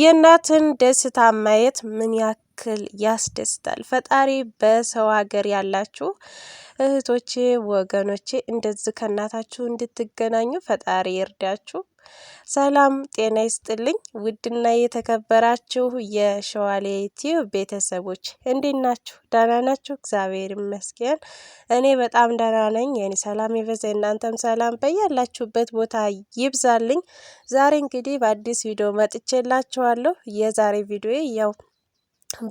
የእናትን ደስታ ማየት ምን ያክል ያስደስታል! ፈጣሪ በሰው ሀገር ያላችሁ እህቶቼ፣ ወገኖቼ እንደዚህ ከእናታችሁ እንድትገናኙ ፈጣሪ ይርዳችሁ። ሰላም ጤና ይስጥልኝ ውድና የተከበራችሁ የሸዋሌ ዩቲዩብ ቤተሰቦች እንዴት ናችሁ? ደህና ናችሁ? እግዚአብሔር ይመስገን እኔ በጣም ደህና ነኝ። የኔ ሰላም ይብዛ፣ እናንተም ሰላም በያላችሁበት ቦታ ይብዛልኝ። ዛሬ እንግዲህ በአዲስ ቪዲዮ መጥቼላችኋለሁ። የዛሬ ቪዲዮ ያው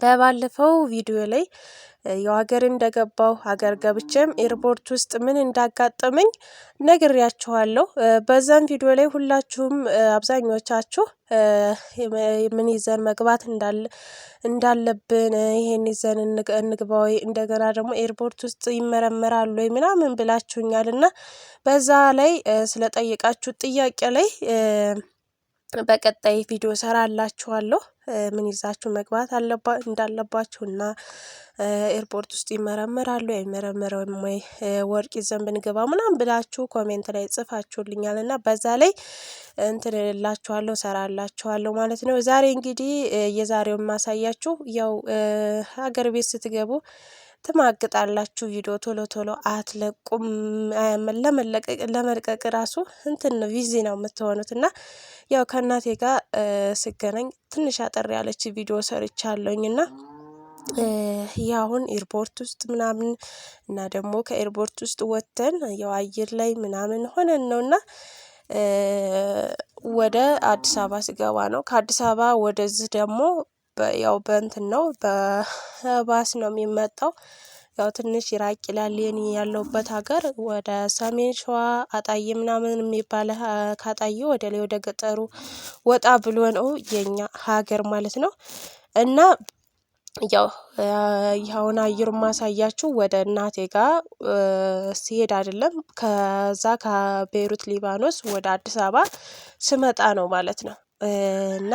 በባለፈው ቪዲዮ ላይ ያው ሀገር እንደገባው ሀገር ገብቼም ኤርፖርት ውስጥ ምን እንዳጋጠመኝ ነግሬያችኋለሁ። በዛም ቪዲዮ ላይ ሁላችሁም አብዛኞቻችሁ ምን ይዘን መግባት እንዳለብን ይሄን ይዘን እንግባ ወይ እንደገና ደግሞ ኤርፖርት ውስጥ ይመረመራሉ ወይ ምናምን ብላችሁኛል እና በዛ ላይ ስለጠየቃችሁ ጥያቄ ላይ በቀጣይ ቪዲዮ ሰራላችኋለሁ። ምን ይዛችሁ መግባት እንዳለባችሁ እና ኤርፖርት ውስጥ ይመረምራሉ የሚመረምረውም ወይ ወርቅ ይዘን ብንገባ ምናምን ብላችሁ ኮሜንት ላይ ጽፋችሁልኛል እና በዛ ላይ እንትን እላችኋለሁ ሰራላችኋለሁ ማለት ነው። ዛሬ እንግዲህ የዛሬውን ማሳያችሁ ያው ሀገር ቤት ስትገቡ ትማግጣላችሁ። ቪዲዮ ቶሎ ቶሎ አትለቁም። ለመልቀቅ ራሱ እንትን ነው ቪዚ ነው የምትሆኑት። እና ያው ከእናቴ ጋር ስገናኝ ትንሽ አጠር ያለች ቪዲዮ ሰርቻለኝ እና ያሁን ኤርፖርት ውስጥ ምናምን እና ደግሞ ከኤርፖርት ውስጥ ወጥተን ያው አየር ላይ ምናምን ሆነን ነው እና ወደ አዲስ አበባ ስገባ ነው። ከአዲስ አበባ ወደዚህ ደግሞ ያው በእንትን ነው በባስ ነው የሚመጣው። ያው ትንሽ ይራቅ ይላል። የኔ ሀገር ወደ ሰሜን ሸዋ አጣዬ ምናምን የሚባለ ካጣዬ ወደ ላይ ወደ ገጠሩ ወጣ ብሎ ነው የኛ ሀገር ማለት ነው እና ያው ይኸውን አየሩ ማሳያችሁ ወደ እናቴ ጋር ሲሄድ አይደለም ከዛ ከቤይሩት ሊባኖስ ወደ አዲስ አበባ ስመጣ ነው ማለት ነው እና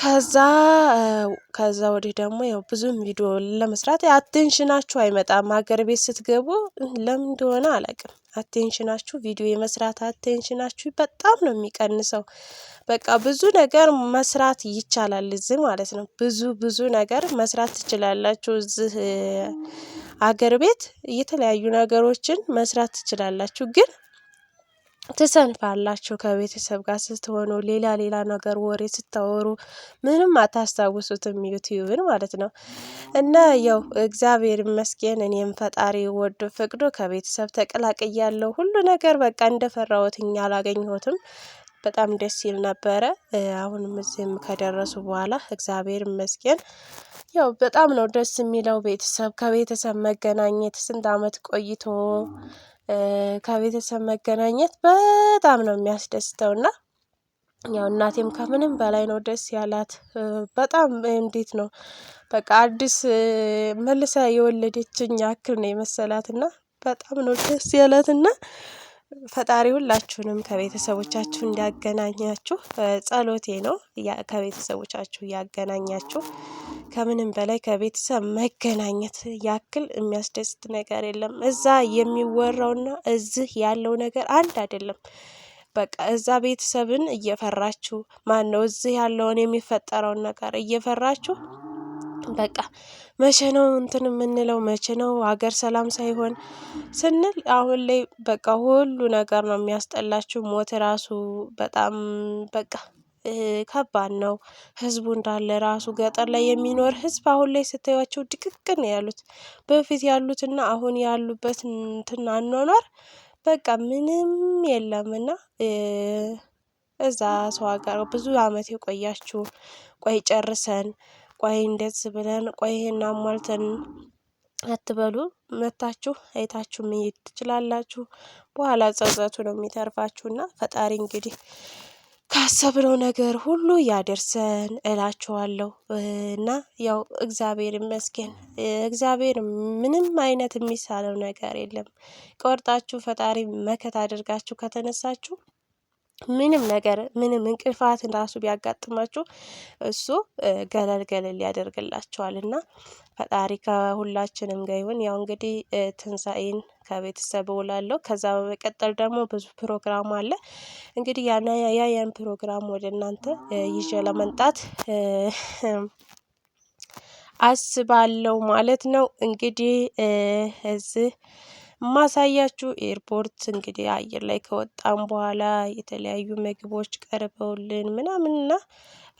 ከዛ ከዛ ወዲህ ደግሞ ያው ብዙም ቪዲዮ ለመስራት አቴንሽናችሁ አይመጣም። ሀገር ቤት ስትገቡ ለምን እንደሆነ አላውቅም። አቴንሽናችሁ ቪዲዮ የመስራት አቴንሽናችሁ በጣም ነው የሚቀንሰው። በቃ ብዙ ነገር መስራት ይቻላል እዚህ ማለት ነው። ብዙ ብዙ ነገር መስራት ትችላላችሁ እዚህ አገር ቤት የተለያዩ ነገሮችን መስራት ትችላላችሁ ግን ትሰንፋላችሁ። ከቤተሰብ ጋር ስትሆኑ ሌላ ሌላ ነገር ወሬ ስታወሩ ምንም አታስታውሱትም ዩቲዩብን ማለት ነው። እና ያው እግዚአብሔር ይመስገን እኔም ፈጣሪ ወዶ ፈቅዶ ከቤተሰብ ተቀላቅያለሁ። ሁሉ ነገር በቃ እንደፈራሁት አላገኘሁትም። በጣም ደስ ይል ነበረ። አሁንም እዚህም ከደረሱ በኋላ እግዚአብሔር ይመስገን ያው በጣም ነው ደስ የሚለው ቤተሰብ ከቤተሰብ መገናኘት ስንት አመት ቆይቶ ከቤተሰብ መገናኘት በጣም ነው የሚያስደስተው እና ያው እናቴም ከምንም በላይ ነው ደስ ያላት። በጣም እንዴት ነው በቃ አዲስ መልሳ የወለደችኝ ያክል ነው እና በጣም ነው ደስ እና ፈጣሪ ሁላችሁንም ከቤተሰቦቻችሁ እንዲያገናኛችሁ ጸሎቴ ነው። ከቤተሰቦቻችሁ እያገናኛችሁ ከምንም በላይ ከቤተሰብ መገናኘት ያክል የሚያስደስት ነገር የለም። እዛ የሚወራውና እዚህ ያለው ነገር አንድ አይደለም። በቃ እዛ ቤተሰብን እየፈራችሁ ማን ነው እዚህ ያለውን የሚፈጠረውን ነገር እየፈራችሁ በቃ መቼ ነው እንትን የምንለው? መቼ ነው ሀገር ሰላም ሳይሆን ስንል አሁን ላይ በቃ ሁሉ ነገር ነው የሚያስጠላችሁ። ሞት ራሱ በጣም በቃ ከባድ ነው። ህዝቡ እንዳለ ራሱ ገጠር ላይ የሚኖር ህዝብ አሁን ላይ ስታዩቸው ድቅቅን ያሉት በፊት ያሉትና አሁን ያሉበት እንትን አኗኗር በቃ ምንም የለምና እዛ ሰው ሀገር ብዙ አመት የቆያችሁ ቆይ ጨርሰን ቆይ እንደት ብለን ቆይ እናሟልተን አትበሉ። መታችሁ አይታችሁ መሄድ ትችላላችሁ። በኋላ ጸጸቱ ነው እና ፈጣሪ እንግዲህ ካሰብነው ነገር ሁሉ ያደርሰን እላችኋለሁ። እና ያው እግዚአብሔር ይመስገን። እግዚአብሔር ምንም አይነት የሚሳለው ነገር የለም። ቆርጣችሁ ፈጣሪ መከት አድርጋችሁ ከተነሳችሁ ምንም ነገር ምንም እንቅፋት ራሱ ቢያጋጥማችሁ እሱ ገለል ገለል ያደርግላችኋል እና ፈጣሪ ከሁላችንም ጋር ይሁን። ያው እንግዲህ ትንሣኤን ከቤተሰብ እውላለሁ። ከዛ በመቀጠል ደግሞ ብዙ ፕሮግራም አለ። እንግዲህ ያን ያን ፕሮግራም ወደ እናንተ ይዤ ለመምጣት አስባለሁ ማለት ነው። እንግዲህ እዚህ ማሳያችሁ ኤርፖርት እንግዲህ አየር ላይ ከወጣን በኋላ የተለያዩ ምግቦች ቀርበውልን ምናምን እና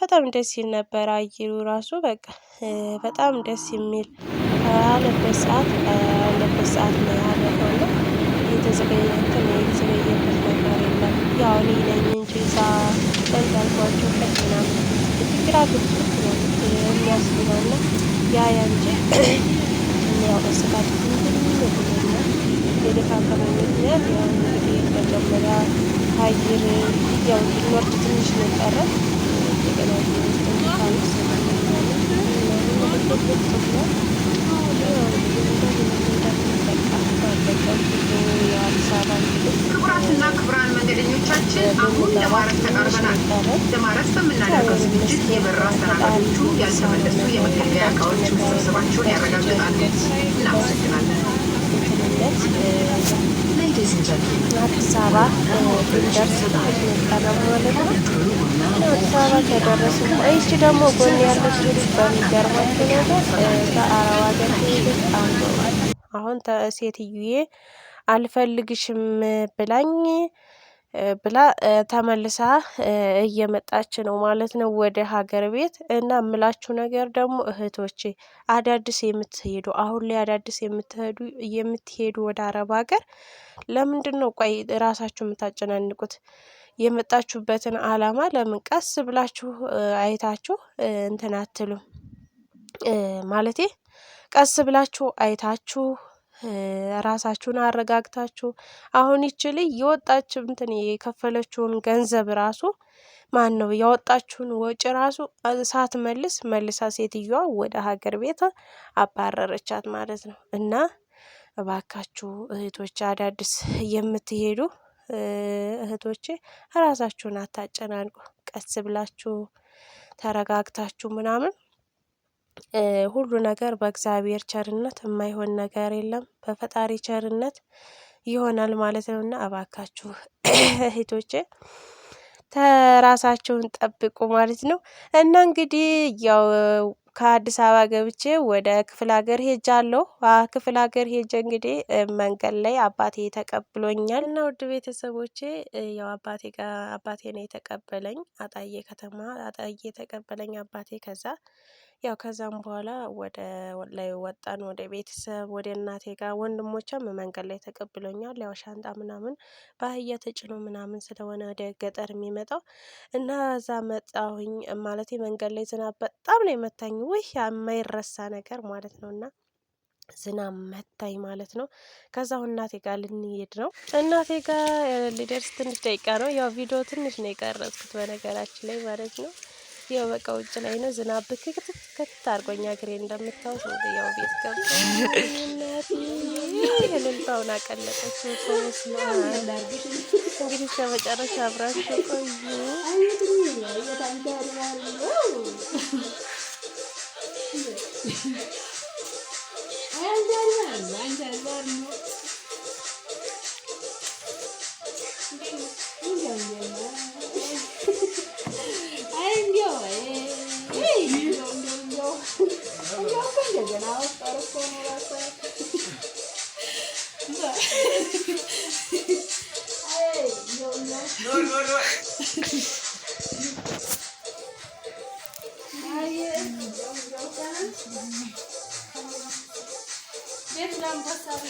በጣም ደስ ይል ነበር። አየሩ ራሱ በቃ በጣም ደስ የሚል አለበት ሰዓት አለበት ሰዓት ነው ያለፈው እና የተዘገየበት የተዘገየበት ነገር የለም። ያው እኔ ነኝ እንጂ እዛ በዛልኳቸው ቀጥናም ግራ ግብት ነው የሚያስብለው እና ያ ያ እንጂ ያው በስጋት ምንድን ነው የደካከመኝ ምክንያት ያው እንግዲህ መጀመሪያ አየር ያው እንድንወርድ ትንሽ ነበረ እንደገና መንገደኞቻችን አሁን ለማረፍ ተቃርበናል። ለማረፍ በምናደርገው ዝግጅት የበረራ አስተናጋጆቹ ያልተመለሱ የመገልገያ እቃዎች መሰብሰባቸውን ያረጋግጣሉ። እናመሰግናለን። አበባ ቀረቡ ማለት ነው። አዲስ አበባ ከደረሱ ደግሞ ጎን ያለች ልጅ በሚገርማቸው ነገር ሀገር ሄደች። አሁን ሴትዬ አልፈልግሽም ብላኝ ብላ ተመልሳ እየመጣች ነው ማለት ነው ወደ ሀገር ቤት። እና የምላችሁ ነገር ደግሞ እህቶቼ አዳዲስ የምትሄዱ አሁን ላይ አዳዲስ የምትሄዱ የምትሄዱ ወደ አረብ ሀገር ለምንድን ነው ቆይ ራሳችሁ የምታጨናንቁት? የመጣችሁበትን አላማ ለምን ቀስ ብላችሁ አይታችሁ እንትን አትሉም? ማለቴ ቀስ ብላችሁ አይታችሁ ራሳችሁን አረጋግታችሁ አሁን ይች ልጅ የወጣች እንትን የከፈለችውን ገንዘብ ራሱ ማን ነው ያወጣችሁን ወጪ ራሱ ሳትመልስ መልሳ ሴትዮዋ ወደ ሀገር ቤት አባረረቻት ማለት ነው። እና እባካችሁ እህቶች አዳዲስ የምትሄዱ እህቶቼ ራሳችሁን አታጨናንቁ። ቀስ ብላችሁ ተረጋግታችሁ ምናምን ሁሉ ነገር በእግዚአብሔር ቸርነት የማይሆን ነገር የለም። በፈጣሪ ቸርነት ይሆናል ማለት ነው እና እባካችሁ እህቶቼ ተራሳቸውን ጠብቁ ማለት ነው እና እንግዲህ ያው ከአዲስ አበባ ገብቼ ወደ ክፍለ ሀገር ሄጃለሁ። ክፍለ ሀገር ሄጄ እንግዲህ መንገድ ላይ አባቴ ተቀብሎኛል እና ውድ ቤተሰቦቼ ያው አባቴ ጋር አባቴ ነው የተቀበለኝ። አጣዬ ከተማ አጣዬ የተቀበለኝ አባቴ ከዛ ያው ከዛም በኋላ ወደ ላይ ወጣን፣ ወደ ቤተሰብ ወደ እናቴ ጋር። ወንድሞቿም መንገድ ላይ ተቀብሎኛል። ያው ሻንጣ ምናምን በአህያ ተጭኖ ምናምን ስለሆነ ወደ ገጠር የሚመጣው እና እዛ መጣሁኝ ማለት መንገድ ላይ ዝናብ በጣም ነው የመታኝ። ውህ የማይረሳ ነገር ማለት ነው እና ዝናብ መታኝ ማለት ነው። ከዛ እናቴ ጋር ልንሄድ ነው። እናቴ ጋር ሊደርስ ትንሽ ደቂቃ ነው። ያው ቪዲዮ ትንሽ ነው የቀረጽኩት በነገራችን ላይ ማለት ነው። ይኸው በቃ ውጭ ላይ ነው። ዝናብ ብክክት ከት አድርጎኛ እግሬ እንደምታውስ ወደ ያው ቤት ገብቶ እልልታውን አቀለጠች። እንግዲህ እስከ መጨረሻ አብራችሁ ቆዩ። እንግዲህ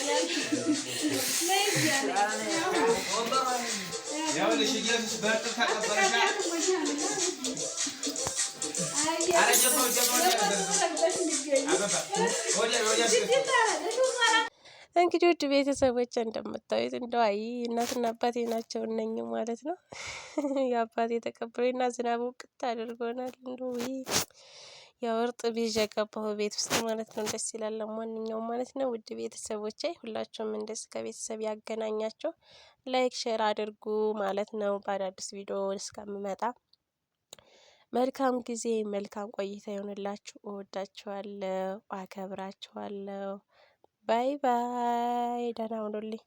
ውድ ቤተሰቦች እንደምታዩት እንደው አይ እናትና አባቴ ናቸው እነኝ ማለት ነው። የአባቴ ተቀብሎና ዝናቡ ቅት አድርጎናል እንደው የውርጥ ቢዥ የገባሁ ቤት ውስጥ ማለት ነው። ደስ ይላል ለማንኛውም ማለት ነው ውድ ቤተሰቦቼ ሁላችሁም እንደዚህ ከቤተሰብ ያገናኛቸው። ላይክ ሼር አድርጉ ማለት ነው። በአዳዲስ ቪዲዮ እስከምመጣ መልካም ጊዜ መልካም ቆይታ ይሆንላችሁ። እወዳችኋለሁ፣ አከብራችኋለሁ። ባይ ባይ። ደህና ሁኑልኝ።